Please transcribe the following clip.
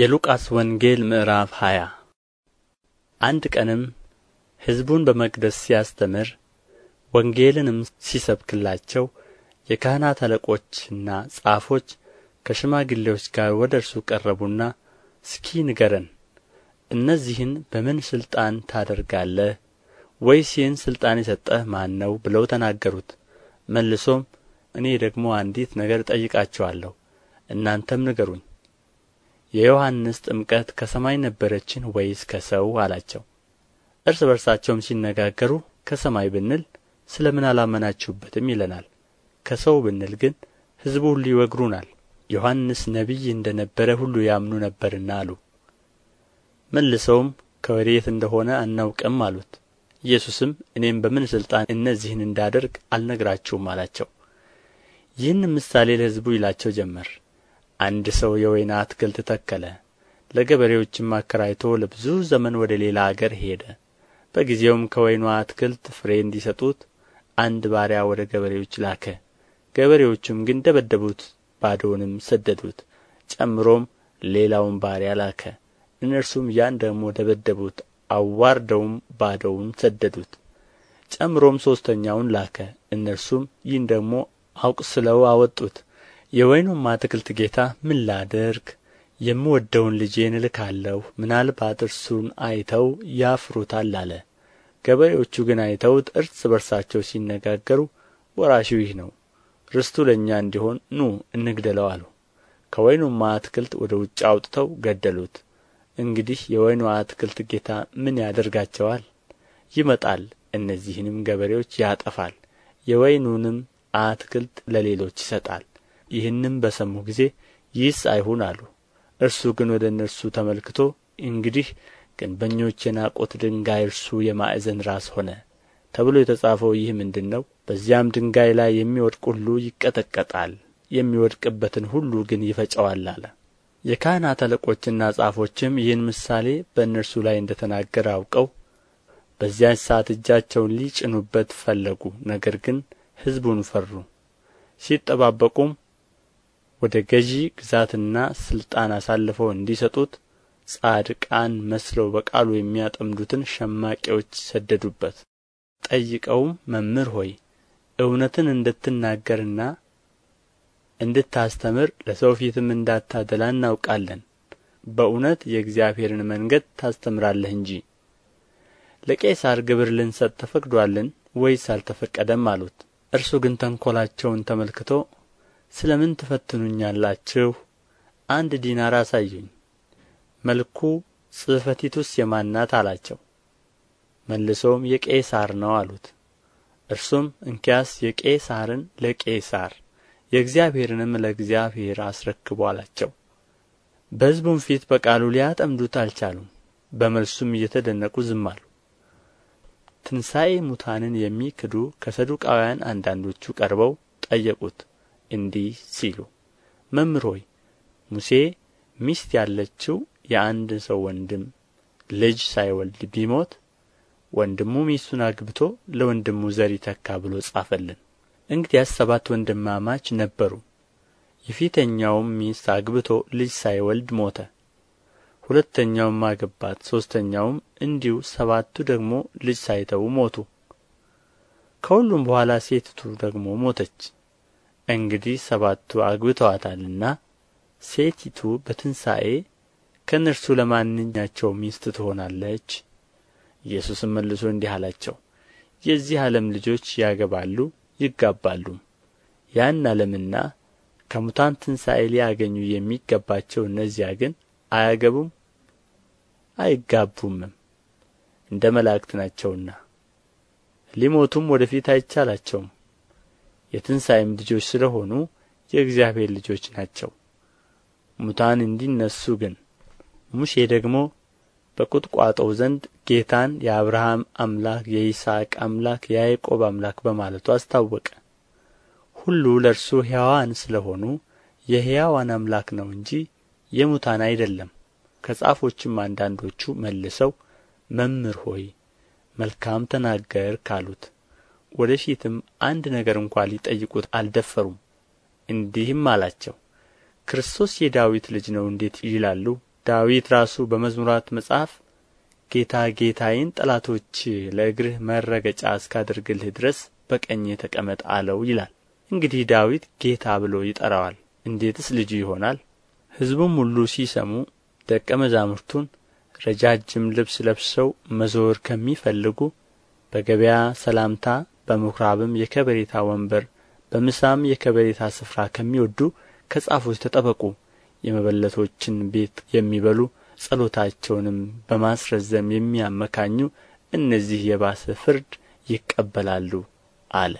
የሉቃስ ወንጌል ምዕራፍ 20 አንድ ቀንም ሕዝቡን በመቅደስ ሲያስተምር ወንጌልንም ሲሰብክላቸው የካህናት አለቆችና ጻፎች ከሽማግሌዎች ጋር ወደ እርሱ ቀረቡና እስኪ ንገረን፣ እነዚህን በምን ሥልጣን ታደርጋለህ? ወይስ ይህን ሥልጣን የሰጠህ ማን ነው? ብለው ተናገሩት። መልሶም እኔ ደግሞ አንዲት ነገር እጠይቃችኋለሁ፣ እናንተም ንገሩኝ የዮሐንስ ጥምቀት ከሰማይ ነበረችን ወይስ ከሰው አላቸው እርስ በርሳቸውም ሲነጋገሩ ከሰማይ ብንል ስለ ምን አላመናችሁበትም ይለናል ከሰው ብንል ግን ሕዝቡ ሁሉ ይወግሩናል ዮሐንስ ነቢይ እንደ ነበረ ሁሉ ያምኑ ነበርና አሉ መልሰውም ከወዴት እንደሆነ አናውቅም አሉት ኢየሱስም እኔም በምን ሥልጣን እነዚህን እንዳደርግ አልነግራችሁም አላቸው ይህን ምሳሌ ለሕዝቡ ይላቸው ጀመር አንድ ሰው የወይን አትክልት ተከለ ለገበሬዎችም አከራይቶ ለብዙ ዘመን ወደ ሌላ አገር ሄደ በጊዜውም ከወይኑ አትክልት ፍሬ እንዲሰጡት አንድ ባሪያ ወደ ገበሬዎች ላከ ገበሬዎቹም ግን ደበደቡት ባዶውንም ሰደዱት ጨምሮም ሌላውን ባሪያ ላከ እነርሱም ያን ደግሞ ደበደቡት አዋርደውም ባዶውን ሰደዱት ጨምሮም ሦስተኛውን ላከ እነርሱም ይህን ደግሞ አውቅስለው አወጡት የወይኑም አትክልት ጌታ ምን ላድርግ የምወደውን ልጄን እልካለሁ ምናልባት እርሱን አይተው ያፍሩታል አለ ገበሬዎቹ ግን አይተውት እርስ በርሳቸው ሲነጋገሩ ወራሹ ይህ ነው ርስቱ ለእኛ እንዲሆን ኑ እንግደለው አሉ ከወይኑም አትክልት ወደ ውጭ አውጥተው ገደሉት እንግዲህ የወይኑ አትክልት ጌታ ምን ያደርጋቸዋል ይመጣል እነዚህንም ገበሬዎች ያጠፋል የወይኑንም አትክልት ለሌሎች ይሰጣል ይህንም በሰሙ ጊዜ ይህስ አይሁን አሉ እርሱ ግን ወደ እነርሱ ተመልክቶ እንግዲህ ግንበኞች የናቁት ድንጋይ እርሱ የማዕዘን ራስ ሆነ ተብሎ የተጻፈው ይህ ምንድን ነው በዚያም ድንጋይ ላይ የሚወድቅ ሁሉ ይቀጠቀጣል የሚወድቅበትን ሁሉ ግን ይፈጨዋል አለ የካህናት አለቆችና ጻፎችም ይህን ምሳሌ በእነርሱ ላይ እንደ ተናገረ አውቀው በዚያች ሰዓት እጃቸውን ሊጭኑበት ፈለጉ ነገር ግን ሕዝቡን ፈሩ ሲጠባበቁም ወደ ገዢ ግዛትና ሥልጣን አሳልፈው እንዲሰጡት ጻድቃን መስለው በቃሉ የሚያጠምዱትን ሸማቂዎች ሰደዱበት ጠይቀውም መምህር ሆይ እውነትን እንድትናገርና እንድታስተምር ለሰው ፊትም እንዳታደላ እናውቃለን በእውነት የእግዚአብሔርን መንገድ ታስተምራለህ እንጂ ለቄሳር ግብር ልንሰጥ ተፈቅዶአልን ወይስ አልተፈቀደም አሉት እርሱ ግን ተንኰላቸውን ተመልክቶ ስለ ምን ትፈትኑኛላችሁ አንድ ዲናር አሳዩኝ መልኩ ጽሕፈቲቱስ የማናት አላቸው መልሰውም የቄሳር ነው አሉት እርሱም እንኪያስ የቄሳርን ለቄሳር የእግዚአብሔርንም ለእግዚአብሔር አስረክቡ አላቸው በሕዝቡም ፊት በቃሉ ሊያጠምዱት አልቻሉም በመልሱም እየተደነቁ ዝም አሉ ትንሣኤ ሙታንን የሚክዱ ከሰዱቃውያን አንዳንዶቹ ቀርበው ጠየቁት እንዲህ ሲሉ መምህር ሆይ ሙሴ ሚስት ያለችው የአንድ ሰው ወንድም ልጅ ሳይወልድ ቢሞት ወንድሙ ሚስቱን አግብቶ ለወንድሙ ዘር ይተካ ብሎ ጻፈልን። እንግዲያስ ሰባት ወንድማማች ነበሩ። የፊተኛውም ሚስት አግብቶ ልጅ ሳይወልድ ሞተ። ሁለተኛውም አገባት፣ ሦስተኛውም እንዲሁ፣ ሰባቱ ደግሞ ልጅ ሳይተዉ ሞቱ። ከሁሉም በኋላ ሴትቱ ደግሞ ሞተች። እንግዲህ ሰባቱ አግብተዋታልና ሴቲቱ በትንሣኤ ከእነርሱ ለማንኛቸው ሚስት ትሆናለች ኢየሱስም መልሶ እንዲህ አላቸው የዚህ ዓለም ልጆች ያገባሉ ይጋባሉም ያን ዓለምና ከሙታን ትንሣኤ ሊያገኙ የሚገባቸው እነዚያ ግን አያገቡም አይጋቡምም እንደ መላእክት ናቸውና ሊሞቱም ወደ ፊት አይቻላቸውም የትንሣኤም ልጆች ስለ ሆኑ የእግዚአብሔር ልጆች ናቸው ሙታን እንዲነሱ ግን ሙሴ ደግሞ በቁጥቋጦው ዘንድ ጌታን የአብርሃም አምላክ የይስሐቅ አምላክ የያዕቆብ አምላክ በማለቱ አስታወቀ። ሁሉ ለእርሱ ሕያዋን ስለ ሆኑ የሕያዋን አምላክ ነው እንጂ የሙታን አይደለም። ከጻፎችም አንዳንዶቹ መልሰው መምህር ሆይ መልካም ተናገር ካሉት ወደ ፊትም አንድ ነገር እንኳ ሊጠይቁት አልደፈሩም። እንዲህም አላቸው ክርስቶስ የዳዊት ልጅ ነው እንዴት ይላሉ? ዳዊት ራሱ በመዝሙራት መጽሐፍ ጌታ ጌታዬን ጠላቶች ለእግርህ መረገጫ እስካደርግልህ ድረስ በቀኝ ተቀመጥ አለው ይላል። እንግዲህ ዳዊት ጌታ ብሎ ይጠራዋል፣ እንዴትስ ልጁ ይሆናል? ሕዝቡም ሁሉ ሲሰሙ ደቀ መዛሙርቱን ረጃጅም ልብስ ለብሰው መዞር ከሚፈልጉ በገበያ ሰላምታ በምኵራብም የከበሬታ ወንበር በምሳም የከበሬታ ስፍራ ከሚወዱ ከጻፎች ተጠበቁ የመበለቶችን ቤት የሚበሉ ጸሎታቸውንም በማስረዘም የሚያመካኙ እነዚህ የባሰ ፍርድ ይቀበላሉ አለ